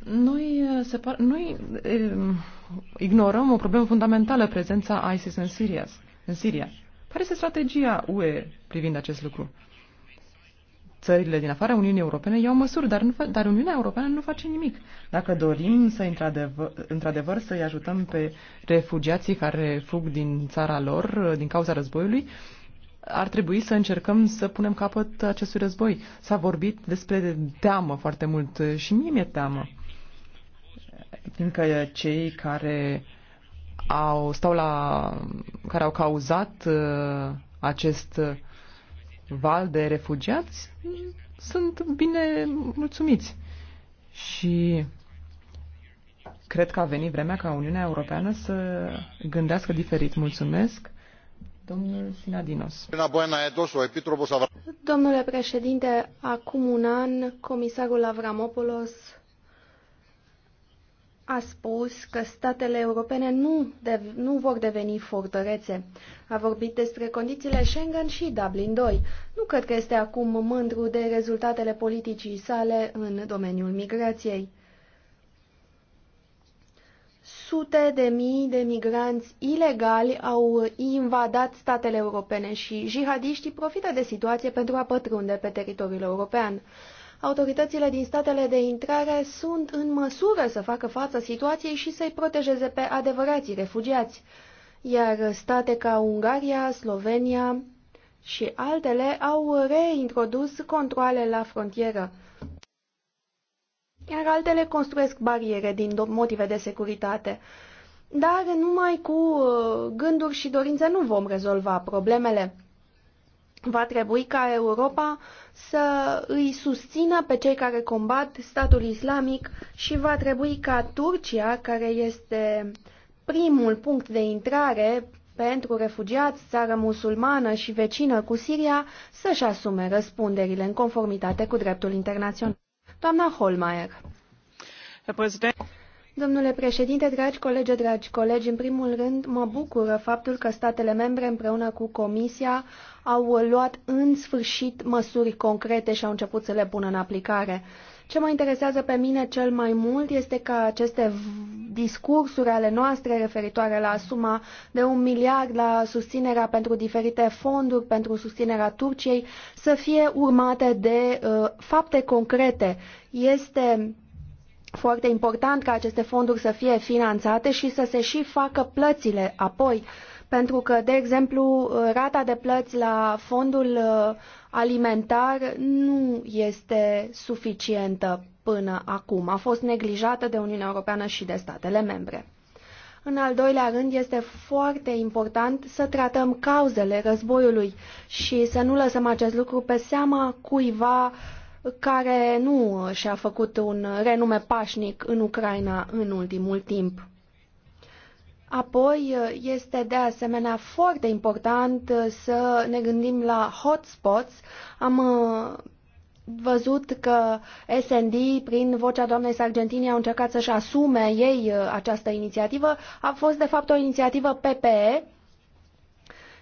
noi, uh, separ- noi e, um, ignorăm o problemă fundamentală, prezența ISIS în, Siria. în Siria. Care este strategia UE privind acest lucru? Țările din afara Uniunii Europene iau măsuri, dar, nu dar Uniunea Europeană nu face nimic. Dacă dorim să, într-adevăr, într-adevăr, să-i ajutăm pe refugiații care fug din țara lor din cauza războiului, ar trebui să încercăm să punem capăt acestui război. S-a vorbit despre teamă foarte mult și mie mi-e teamă. Fiindcă cei care au, stau la, care au cauzat uh, acest val de refugiați sunt bine mulțumiți. Și cred că a venit vremea ca Uniunea Europeană să gândească diferit. Mulțumesc! Domnule președinte, acum un an, comisarul Avramopoulos a spus că statele europene nu, de, nu vor deveni fortărețe. A vorbit despre condițiile Schengen și Dublin II. Nu cred că este acum mândru de rezultatele politicii sale în domeniul migrației sute de mii de migranți ilegali au invadat statele europene și jihadiștii profită de situație pentru a pătrunde pe teritoriul european. Autoritățile din statele de intrare sunt în măsură să facă față situației și să-i protejeze pe adevărații refugiați, iar state ca Ungaria, Slovenia și altele au reintrodus controle la frontieră iar altele construiesc bariere din motive de securitate. Dar numai cu uh, gânduri și dorințe nu vom rezolva problemele. Va trebui ca Europa să îi susțină pe cei care combat statul islamic și va trebui ca Turcia, care este primul punct de intrare pentru refugiați, țară musulmană și vecină cu Siria, să-și asume răspunderile în conformitate cu dreptul internațional. Doamna Holmeier. Domnule președinte, dragi colegi, dragi colegi, în primul rând mă bucură faptul că statele membre împreună cu Comisia au luat în sfârșit măsuri concrete și au început să le pună în aplicare. Ce mă interesează pe mine cel mai mult este că aceste discursuri ale noastre referitoare la suma de un miliard la susținerea pentru diferite fonduri, pentru susținerea Turciei, să fie urmate de uh, fapte concrete. Este foarte important ca aceste fonduri să fie finanțate și să se și facă plățile apoi. Pentru că, de exemplu, uh, rata de plăți la fondul uh, alimentar nu este suficientă până acum. A fost neglijată de Uniunea Europeană și de statele membre. În al doilea rând, este foarte important să tratăm cauzele războiului și să nu lăsăm acest lucru pe seama cuiva care nu și-a făcut un renume pașnic în Ucraina în ultimul timp. Apoi, uh, este de asemenea foarte important uh, să ne gândim la hotspots. Am uh, văzut că SND, prin vocea doamnei Sargentini, au încercat să-și asume ei această inițiativă. A fost, de fapt, o inițiativă PPE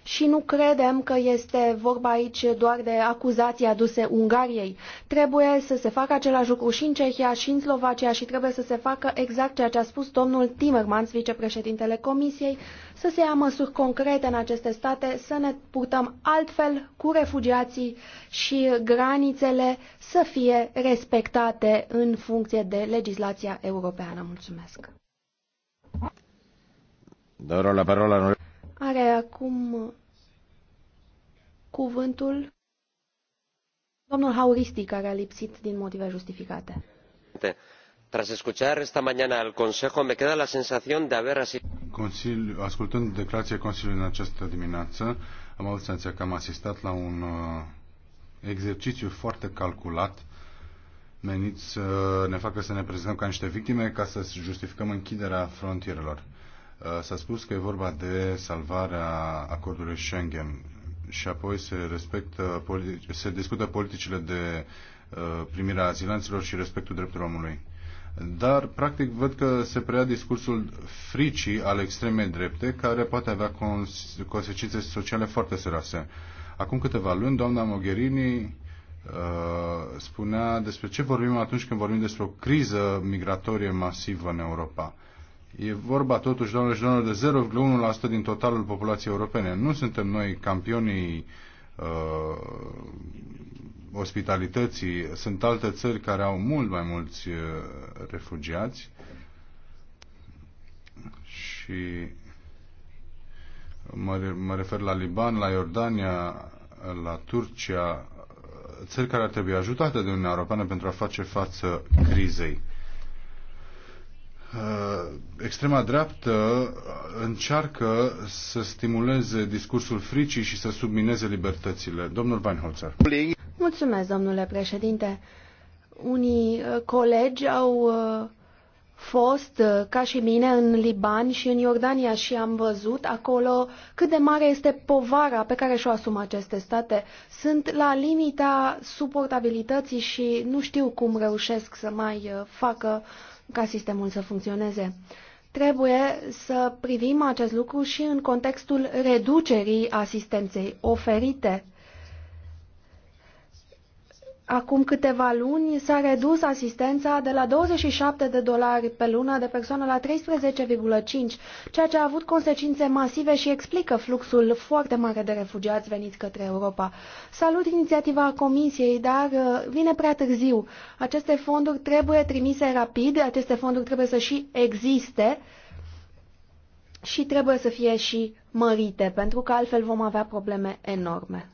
și nu credem că este vorba aici doar de acuzații aduse Ungariei. Trebuie să se facă același lucru și în Cehia și în Slovacia și trebuie să se facă exact ceea ce a spus domnul Timmermans, vicepreședintele Comisiei, să se ia măsuri concrete în aceste state, să ne purtăm altfel cu refugiații și granițele să fie respectate în funcție de legislația europeană. Mulțumesc. Dau la parola are acum cuvântul domnul Hauristi, care a lipsit din motive justificate. Tras escuchar esta mañana al Consejo, me queda la sensación de haber asistido. Ascultând declarația Consiliului în această dimineață, am avut senzația că am asistat la un uh, exercițiu foarte calculat menit să ne facă să ne prezentăm ca niște victime ca să justificăm închiderea frontierelor. Uh, s-a spus că e vorba de salvarea acordului Schengen și apoi se, respectă, se discută politicile de uh, primirea azilanților și respectul drepturilor omului. Dar, practic, văd că se preia discursul fricii al extremei drepte, care poate avea cons- consecințe sociale foarte serioase. Acum câteva luni, doamna Mogherini uh, spunea despre ce vorbim atunci când vorbim despre o criză migratorie masivă în Europa. E vorba totuși, doamnelor și domnilor, de 0,1% din totalul populației europene. Nu suntem noi campionii uh, ospitalității. Sunt alte țări care au mult mai mulți uh, refugiați și mă, mă refer la Liban, la Iordania, la Turcia, țări care ar trebui ajutate de Uniunea Europeană pentru a face față crizei. Uh, extrema dreaptă încearcă să stimuleze discursul fricii și să submineze libertățile. Domnul Weinholzer. Mulțumesc, domnule președinte. Unii uh, colegi au uh, fost, ca și mine, în Liban și în Iordania și am văzut acolo cât de mare este povara pe care și-o asumă aceste state. Sunt la limita suportabilității și nu știu cum reușesc să mai facă uh, ca sistemul să funcționeze. Trebuie să privim acest lucru și în contextul reducerii asistenței oferite Acum câteva luni s-a redus asistența de la 27 de dolari pe lună de persoană la 13,5, ceea ce a avut consecințe masive și explică fluxul foarte mare de refugiați veniți către Europa. Salut inițiativa Comisiei, dar uh, vine prea târziu. Aceste fonduri trebuie trimise rapid, aceste fonduri trebuie să și existe și trebuie să fie și mărite, pentru că altfel vom avea probleme enorme.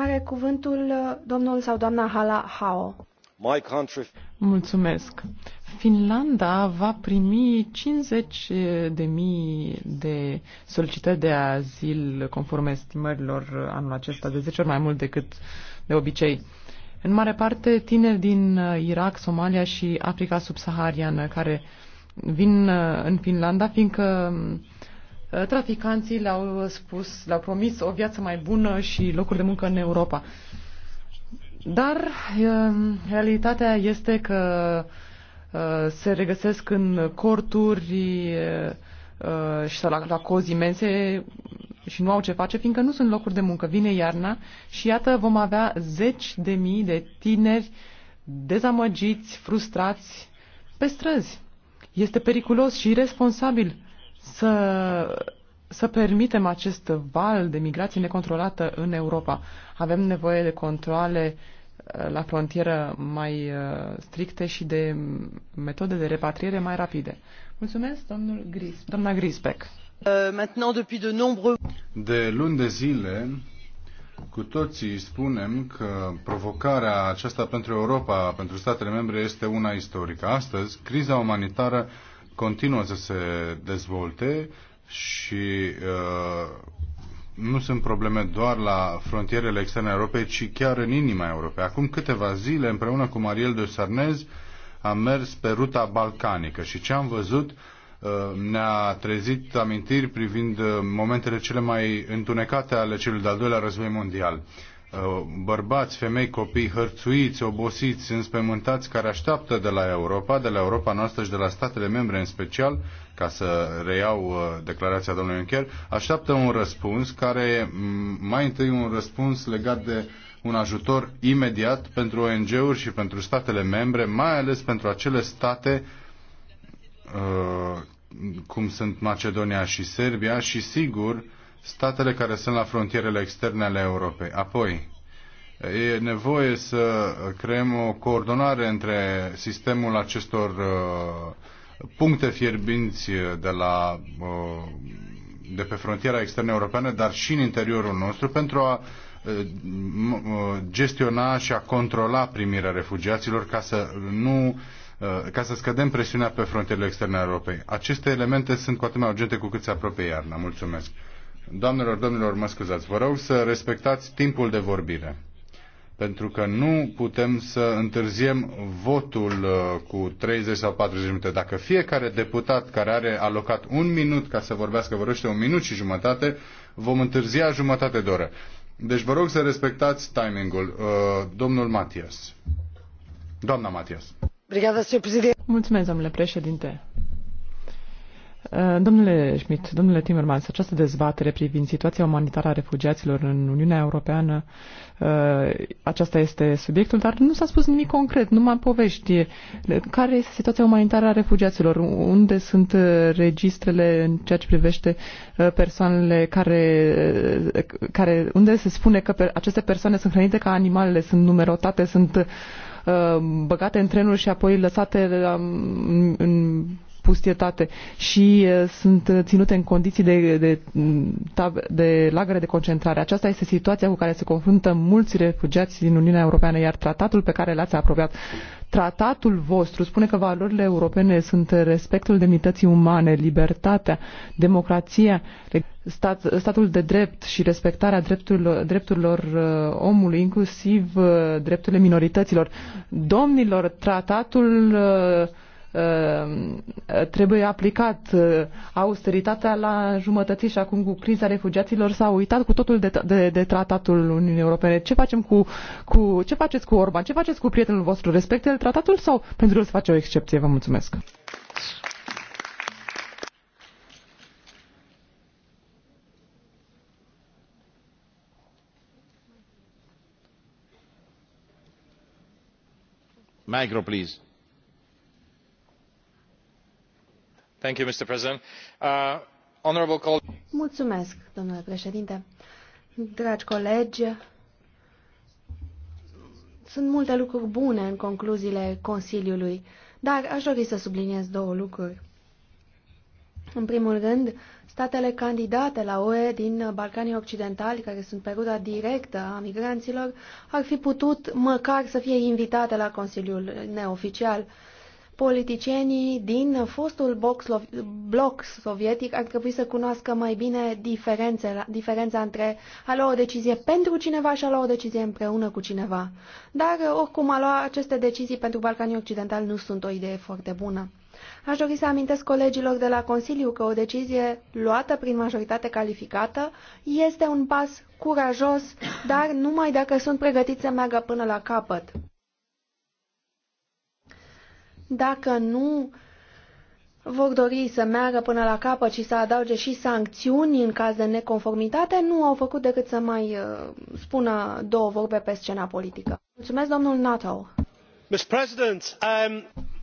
Are cuvântul uh, domnul sau doamna Hala Hao. My country... Mulțumesc. Finlanda va primi 50 de mii de solicitări de azil conform estimărilor anul acesta, de 10 ori mai mult decât de obicei. În mare parte tineri din uh, Irak, Somalia și Africa subsahariană care vin uh, în Finlanda, fiindcă um, Uh, traficanții le-au uh, spus, le-au promis o viață mai bună și locuri de muncă în Europa. Dar uh, realitatea este că se regăsesc în corturi și la, la cozi imense și nu au ce face, fiindcă nu sunt locuri de muncă. Vine iarna și iată vom avea zeci de mii de tineri dezamăgiți, frustrați pe străzi. Este periculos și irresponsabil să, să permitem acest val de migrație necontrolată în Europa. Avem nevoie de controle uh, la frontieră mai uh, stricte și de metode de repatriere mai rapide. Mulțumesc, domnul Gris, doamna Grisbeck. Uh, de luni de zile, cu toții spunem că provocarea aceasta pentru Europa, pentru statele membre, este una istorică. Astăzi, criza umanitară continuă să se dezvolte și uh, nu sunt probleme doar la frontierele externe a Europei, ci chiar în inima Europei. Acum câteva zile, împreună cu Mariel de Sarnez, am mers pe ruta balcanică și ce am văzut uh, ne-a trezit amintiri privind uh, momentele cele mai întunecate ale celui de-al doilea război mondial. Uh, bărbați, femei, copii hărțuiți, obosiți, înspemântați, care așteaptă de la Europa, de la Europa noastră și de la statele membre în special, ca să reiau uh, declarația domnului Juncker, așteaptă un răspuns care mm, mai întâi un răspuns legat de un ajutor imediat pentru ONG-uri și pentru statele membre, mai ales pentru acele state uh, cum sunt Macedonia și Serbia și sigur statele care sunt la frontierele externe ale Europei. Apoi, e nevoie să creăm o coordonare între sistemul acestor uh, puncte fierbinți de la uh, de pe frontiera externă europeană, dar și în interiorul nostru, pentru a uh, gestiona și a controla primirea refugiaților ca să nu ca să scădem presiunea pe frontierele externe a Europei. Aceste elemente sunt cu atât mai urgente cu cât se apropie iarna. Mulțumesc. Doamnelor, domnilor, mă scuzați, vă rog să respectați timpul de vorbire. Pentru că nu putem să întârziem votul uh, cu 30 sau 40 minute. Dacă fiecare deputat care are alocat un minut ca să vorbească vorbește un minut și jumătate, vom întârzia jumătate de oră. Deci vă rog să respectați timingul. Uh, domnul Matias. Doamna Matias. Mulțumesc, domnule președinte. Uh, domnule Schmidt, domnule Timmermans, această dezbatere privind situația umanitară a refugiaților în Uniunea Europeană, uh, aceasta este subiectul, dar nu s-a spus nimic concret, numai povești. Care este situația umanitară a refugiaților? Unde sunt uh, registrele în ceea ce privește persoanele care, care unde se spune că aceste persoane sunt hrănite ca animalele, sunt numerotate, sunt băgate în trenuri și apoi lăsate um, în pustietate și sunt uh, ținute în condiții de, de, de, mm, de lagăre de concentrare. Aceasta este situația cu care se confruntă mulți refugiați din Uniunea Europeană, iar tratatul pe care l-ați aprobat, tratatul vostru, spune că valorile europene sunt respectul demnității umane, libertatea, democrația, stat, statul de drept și respectarea drepturilor, drepturilor uh, omului, inclusiv uh, drepturile minorităților. Domnilor, tratatul Uh, trebuie aplicat. Uh, austeritatea la jumătăți și acum cu criza refugiaților s-a uitat cu totul de, de, de tratatul Uniunii Europene. Ce facem cu, cu ce faceți cu Orban? Ce faceți cu prietenul vostru? Respectă tratatul sau pentru el se face o excepție? Vă mulțumesc. Micro, please. Uh, Mulțumesc, domnule președinte. Dragi colegi, sunt multe lucruri bune în concluziile Consiliului, dar aș dori să subliniez două lucruri. În primul rând, statele candidate la UE din Balcanii Occidentali, care sunt pe ruta directă a migranților, ar fi putut măcar să fie invitate la Consiliul neoficial. Uh, politicienii din fostul bloc sovietic ar trebui să cunoască mai bine diferența între a lua o decizie pentru cineva și a lua o decizie împreună cu cineva. Dar, oricum, a lua aceste decizii pentru Balcanii Occidentali nu sunt o idee foarte bună. Aș dori să amintesc colegilor de la Consiliu că o decizie luată prin majoritate calificată este un pas curajos, dar numai dacă sunt pregătiți să meargă până la capăt. Dacă nu vor dori să meargă până la capăt și să adauge și sancțiuni în caz de neconformitate, nu au făcut decât să mai uh, spună două vorbe pe scena politică. Mulțumesc, domnul NATO. Um,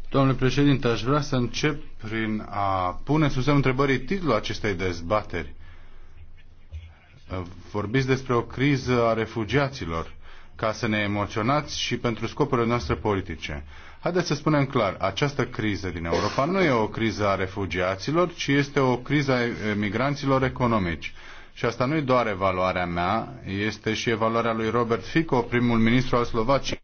Domnule președinte, aș vrea să încep prin a pune sub semnul întrebării titlul acestei dezbateri. Uh, vorbiți despre o criză a refugiaților, ca să ne emoționați și pentru scopurile noastre politice. Haideți să spunem clar, această criză din Europa nu e o criză a refugiaților, ci este o criză a migranților economici. Și asta nu e doar evaluarea mea, este și evaluarea lui Robert Fico, primul ministru al Slovaciei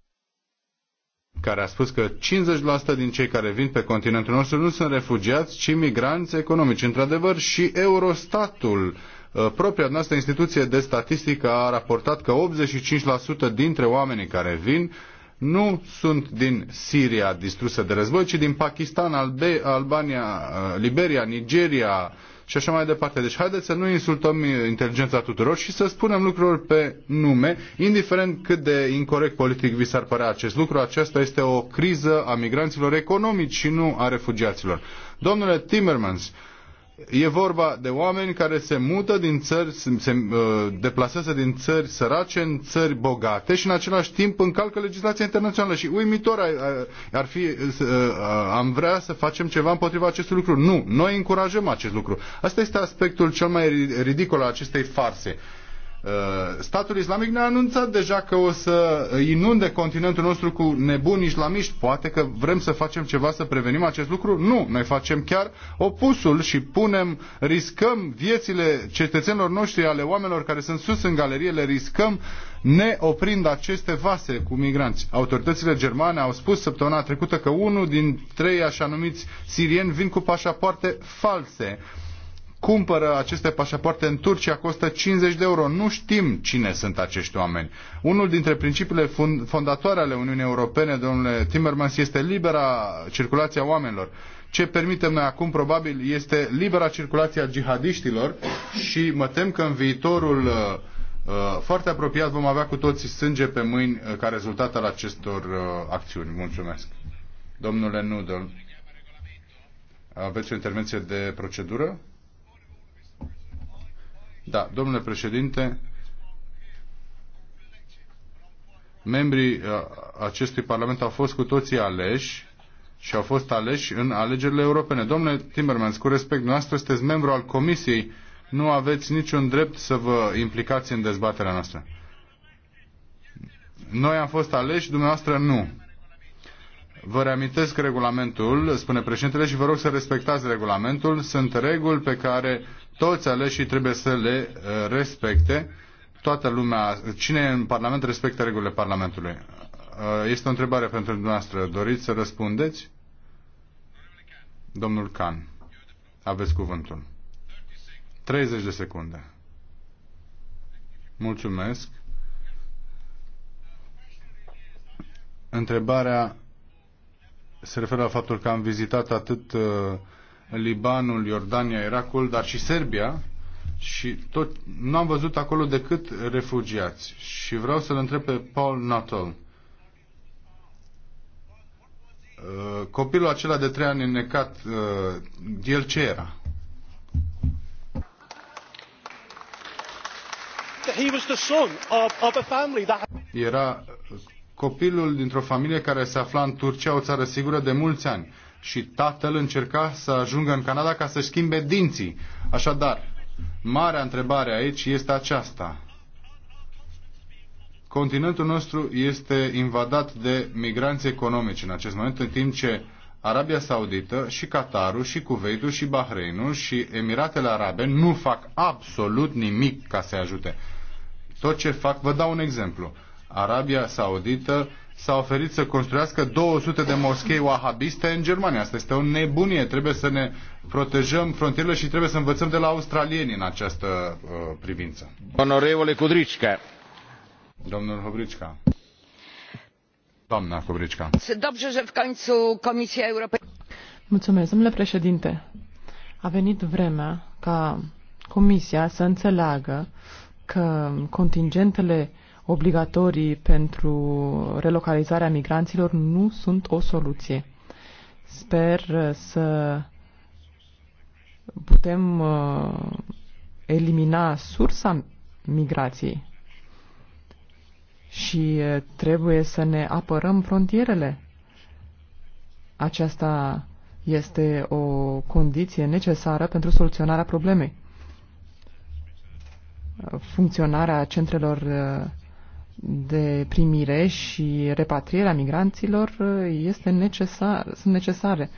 care a spus că 50% din cei care vin pe continentul nostru nu sunt refugiați, ci migranți economici. Într-adevăr, și Eurostatul, uh, propria noastră instituție de statistică, a raportat că 85% dintre oamenii care vin nu sunt din Siria distrusă de război, ci din Pakistan, Albe, Albania, uh, Liberia, Nigeria și așa mai departe. Deci haideți să nu insultăm uh, inteligența tuturor și să spunem lucruri pe nume, indiferent cât de incorrect politic vi s-ar părea acest lucru. Aceasta este o criză a migranților economici și nu a refugiaților. Domnule Timmermans, E vorba de oameni care se mută din țări, se uh, deplasează din țări sărace în țări bogate și în același timp încalcă legislația internațională. Și uimitor ar fi, uh, uh, am vrea să facem ceva împotriva acestui lucru. Nu, noi încurajăm acest lucru. Asta este aspectul cel mai ridicol al acestei farse. Uh, statul islamic ne-a anunțat deja că o să inunde continentul nostru cu nebuni islamiști. Poate că vrem să facem ceva să prevenim acest lucru? Nu, noi facem chiar opusul și punem, riscăm viețile cetățenilor noștri, ale oamenilor care sunt sus în galerie, le riscăm ne oprind aceste vase cu migranți. Autoritățile germane au spus săptămâna trecută că unul din trei așa numiți sirieni vin cu pașapoarte false cumpără aceste pașapoarte în Turcia costă 50 de euro. Nu știm cine sunt acești oameni. Unul dintre principiile fondatoare ale Uniunii Europene, domnule Timmermans, este libera circulație a oamenilor. Ce permitem noi acum probabil este libera circulație a jihadiștilor și mă tem că în viitorul uh, uh, foarte apropiat vom avea cu toții sânge pe mâini uh, ca rezultat al acestor acțiuni. Mulțumesc. Domnule Nudel, aveți o intervenție de procedură? Da, domnule președinte, membrii uh, acestui parlament au fost cu toții aleși și au fost aleși în alegerile europene. Domnule Timmermans, cu respect, noastră sunteți membru al Comisiei, nu aveți niciun drept să vă implicați în dezbaterea noastră. Noi am fost aleși, dumneavoastră nu. Vă reamintesc regulamentul, spune președintele, și vă rog să respectați regulamentul. Sunt reguli pe care toți aleșii trebuie să le uh, respecte. Toată lumea, cine în Parlament respectă regulile Parlamentului? Uh, este o întrebare pentru dumneavoastră. Doriți să răspundeți? Domnul Can, aveți cuvântul. 30 de secunde. Mulțumesc. Întrebarea se referă la faptul că am vizitat atât uh, Libanul, Iordania, Irakul, dar și Serbia și tot, nu am văzut acolo decât refugiați. Și vreau să-l întreb pe Paul Nuttall. Uh, copilul acela de trei ani înnecat, uh, el ce era? Era copilul dintr-o familie care se afla în Turcia, o țară sigură, de mulți ani. Și tatăl încerca să ajungă în Canada ca să-și schimbe dinții. Așadar, marea întrebare aici este aceasta. Continentul nostru este invadat de migranți economici în acest moment, în timp ce Arabia Saudită și Qatarul și Kuwaitul și Bahreinul și Emiratele Arabe nu fac absolut nimic ca să ajute. Tot ce fac, vă dau un exemplu Arabia Saudită s-a oferit să construiască 200 de moschei wahabiste în Germania. Asta este o nebunie. Trebuie să ne protejăm frontierele și trebuie să învățăm de la australieni în această uh, privință. Onorevole Cudricica. Domnul Hobricica. Doamna Hobricica. Dobrze, że w końcu Comisia Europeană. Mulțumesc, domnule președinte. A venit vremea ca Comisia să înțeleagă că contingentele obligatorii pentru relocalizarea migranților nu sunt o soluție. Sper să putem uh, elimina sursa migrației și uh, trebuie să ne apărăm frontierele. Aceasta este o condiție necesară pentru soluționarea problemei. Funcționarea centrelor uh, de primire și repatrierea migranților uh, este necesar, sunt necesare.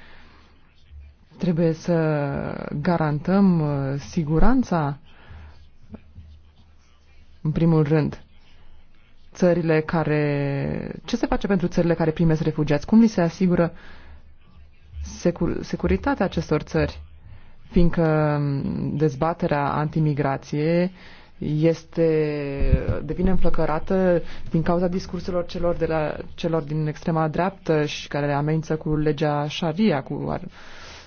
Trebuie să garantăm uh, siguranța în primul rând. Țările care... Ce se face pentru țările care primesc refugiați? Cum li se asigură secur... securitatea acestor țări? Fiindcă um, dezbaterea antimigrație este, devine înflăcărată din cauza discursurilor celor, de la, celor din extrema dreaptă și care amenință cu legea Sharia, cu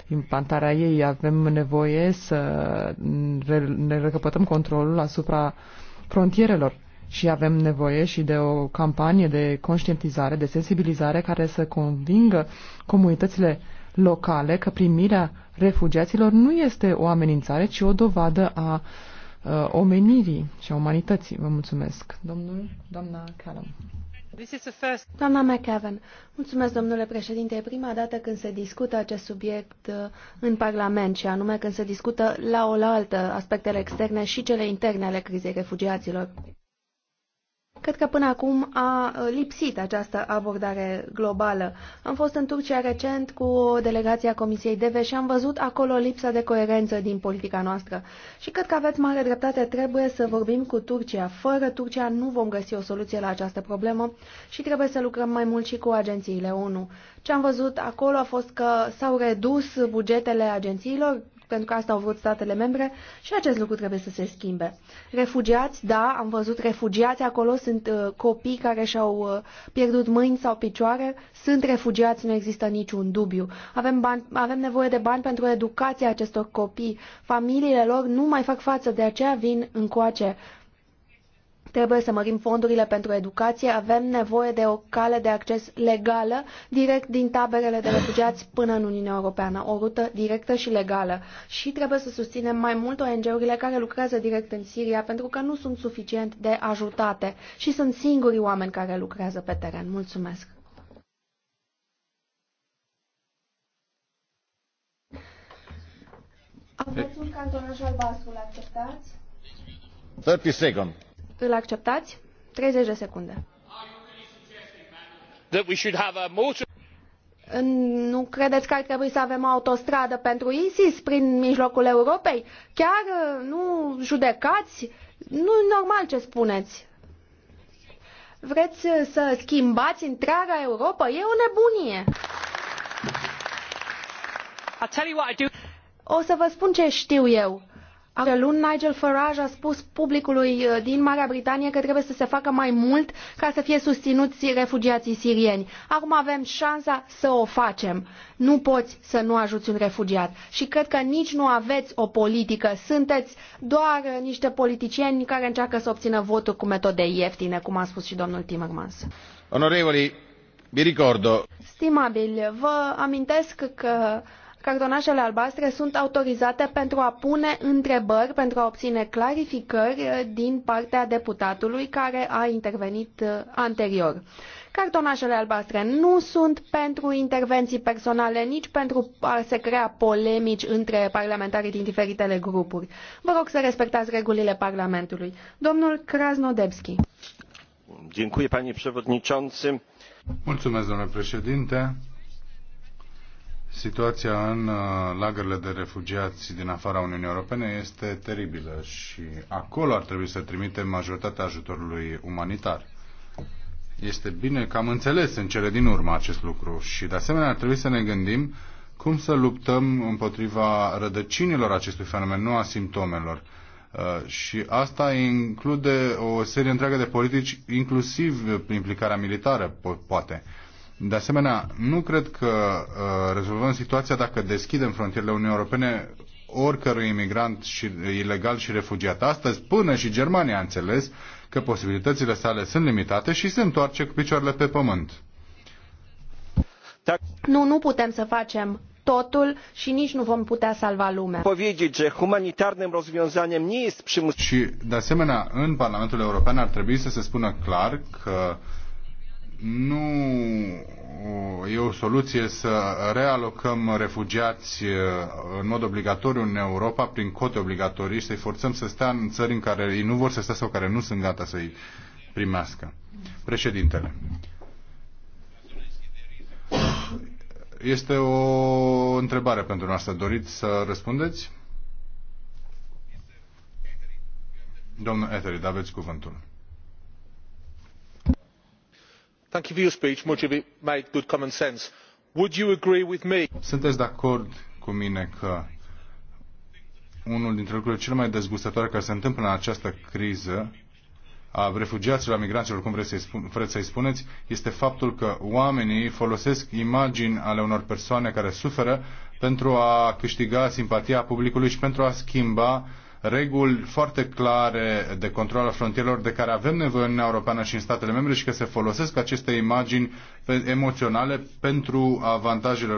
implantarea ei. Avem nevoie să ne recăpătăm controlul asupra frontierelor și avem nevoie și de o campanie de conștientizare, de sensibilizare care să convingă comunitățile locale că primirea refugiaților nu este o amenințare, ci o dovadă a uh, uh, omenirii și a umanității. Vă mulțumesc. Domnul, doamna Callum. First... Doamna McAvan, mulțumesc, domnule președinte. E prima dată când se discută acest subiect uh, în Parlament și anume când se discută la oaltă aspectele externe și cele interne ale crizei refugiaților. Cred că până acum a lipsit această abordare globală. Am fost în Turcia recent cu o delegație a Comisiei DV și am văzut acolo lipsa de coerență din politica noastră. Și cred că aveți mare dreptate, trebuie să vorbim cu Turcia. Fără Turcia nu vom găsi o soluție la această problemă și trebuie să lucrăm mai mult și cu agențiile ONU. Ce am văzut acolo a fost că s-au redus bugetele agențiilor, pentru că asta au vrut statele membre și acest lucru trebuie să se schimbe. Refugiați, da, am văzut refugiați acolo, sunt uh, copii care și-au uh, pierdut mâini sau picioare, sunt refugiați, nu există niciun dubiu. Avem, bani, avem nevoie de bani pentru educația acestor copii, familiile lor nu mai fac față, de aceea vin încoace. Trebuie să mărim fondurile pentru educație, avem nevoie de o cale de acces legală direct din taberele de refugiați până în Uniunea Europeană, o rută directă și legală. Și trebuie să susținem mai mult ONG-urile care lucrează direct în Siria pentru că nu sunt suficient de ajutate și sunt singurii oameni care lucrează pe teren. Mulțumesc! Aveți un cartonaș albastru, l-acceptați? 30 secunde. Îl acceptați? 30 de secunde. Nu credeți că ar trebui să avem autostradă pentru ISIS prin mijlocul Europei? Chiar uh, nu judecați? nu e normal ce spuneți. Vreți uh, să schimbați întreaga Europa? E o nebunie. O să vă spun ce știu eu. Acum luni, Nigel Farage a spus publicului uh, din Marea Britanie că trebuie să se facă mai mult ca să fie susținuți refugiații sirieni. Acum avem șansa să o facem. Nu poți să nu ajuți un refugiat. Și cred că nici nu aveți o politică. Sunteți doar uh, niște politicieni care încearcă să obțină voturi cu metode ieftine, cum a spus și domnul Timmermans. Onorevoli, vi ricordo. Stimabili, vă amintesc că cartonașele albastre sunt autorizate pentru a pune întrebări, pentru a obține clarificări eh, din partea deputatului care a intervenit eh, anterior. Cartonașele albastre nu sunt pentru intervenții personale, nici pentru a se crea polemici între parlamentarii din diferitele grupuri. Vă rog să respectați regulile Parlamentului. Domnul Krasnodebski. Mulțumesc, domnule președinte. Situația în uh, lagările de refugiați din afara Uniunii Europene este teribilă și acolo ar trebui să trimitem majoritatea ajutorului umanitar. Este bine că am înțeles în cele din urmă acest lucru și de asemenea ar trebui să ne gândim cum să luptăm împotriva rădăcinilor acestui fenomen, nu a simptomelor. Uh, și asta include o serie întreagă de politici, inclusiv implicarea militară, po- poate. De asemenea, nu cred că uh, rezolvăm situația dacă deschidem frontierele Uniunii Europene oricărui imigrant și, uh, ilegal și refugiat. Astăzi, până și Germania a înțeles că posibilitățile sale sunt limitate și se întoarce cu picioarele pe pământ. Nu, nu putem să facem totul și nici nu vom putea salva lumea. Și de asemenea, în Parlamentul European ar trebui să se spună clar că uh, nu e o soluție să realocăm refugiați uh, în mod obligatoriu în Europa prin cote obligatorii și să-i forțăm să stea în țări în care ei nu vor să stea sau care nu sunt gata să-i primească. Președintele. Este o întrebare pentru noastră. Doriți să răspundeți? Domnul Etheridge, aveți cuvântul thank you for your speech. Much of it made good common sense. Would you agree with me? Sunteți de acord cu mine că unul dintre lucrurile cele mai dezgustătoare care se întâmplă în această criză a refugiaților, a migranților, cum vreți să-i, spun, vreți să spuneți, este faptul că oamenii folosesc imagini ale unor persoane care suferă pentru a câștiga simpatia publicului și pentru a schimba reguli foarte clare de control al frontierelor de care avem nevoie în Uniunea Europeană și în statele membre și că se folosesc aceste imagini emoționale pentru avantajele lor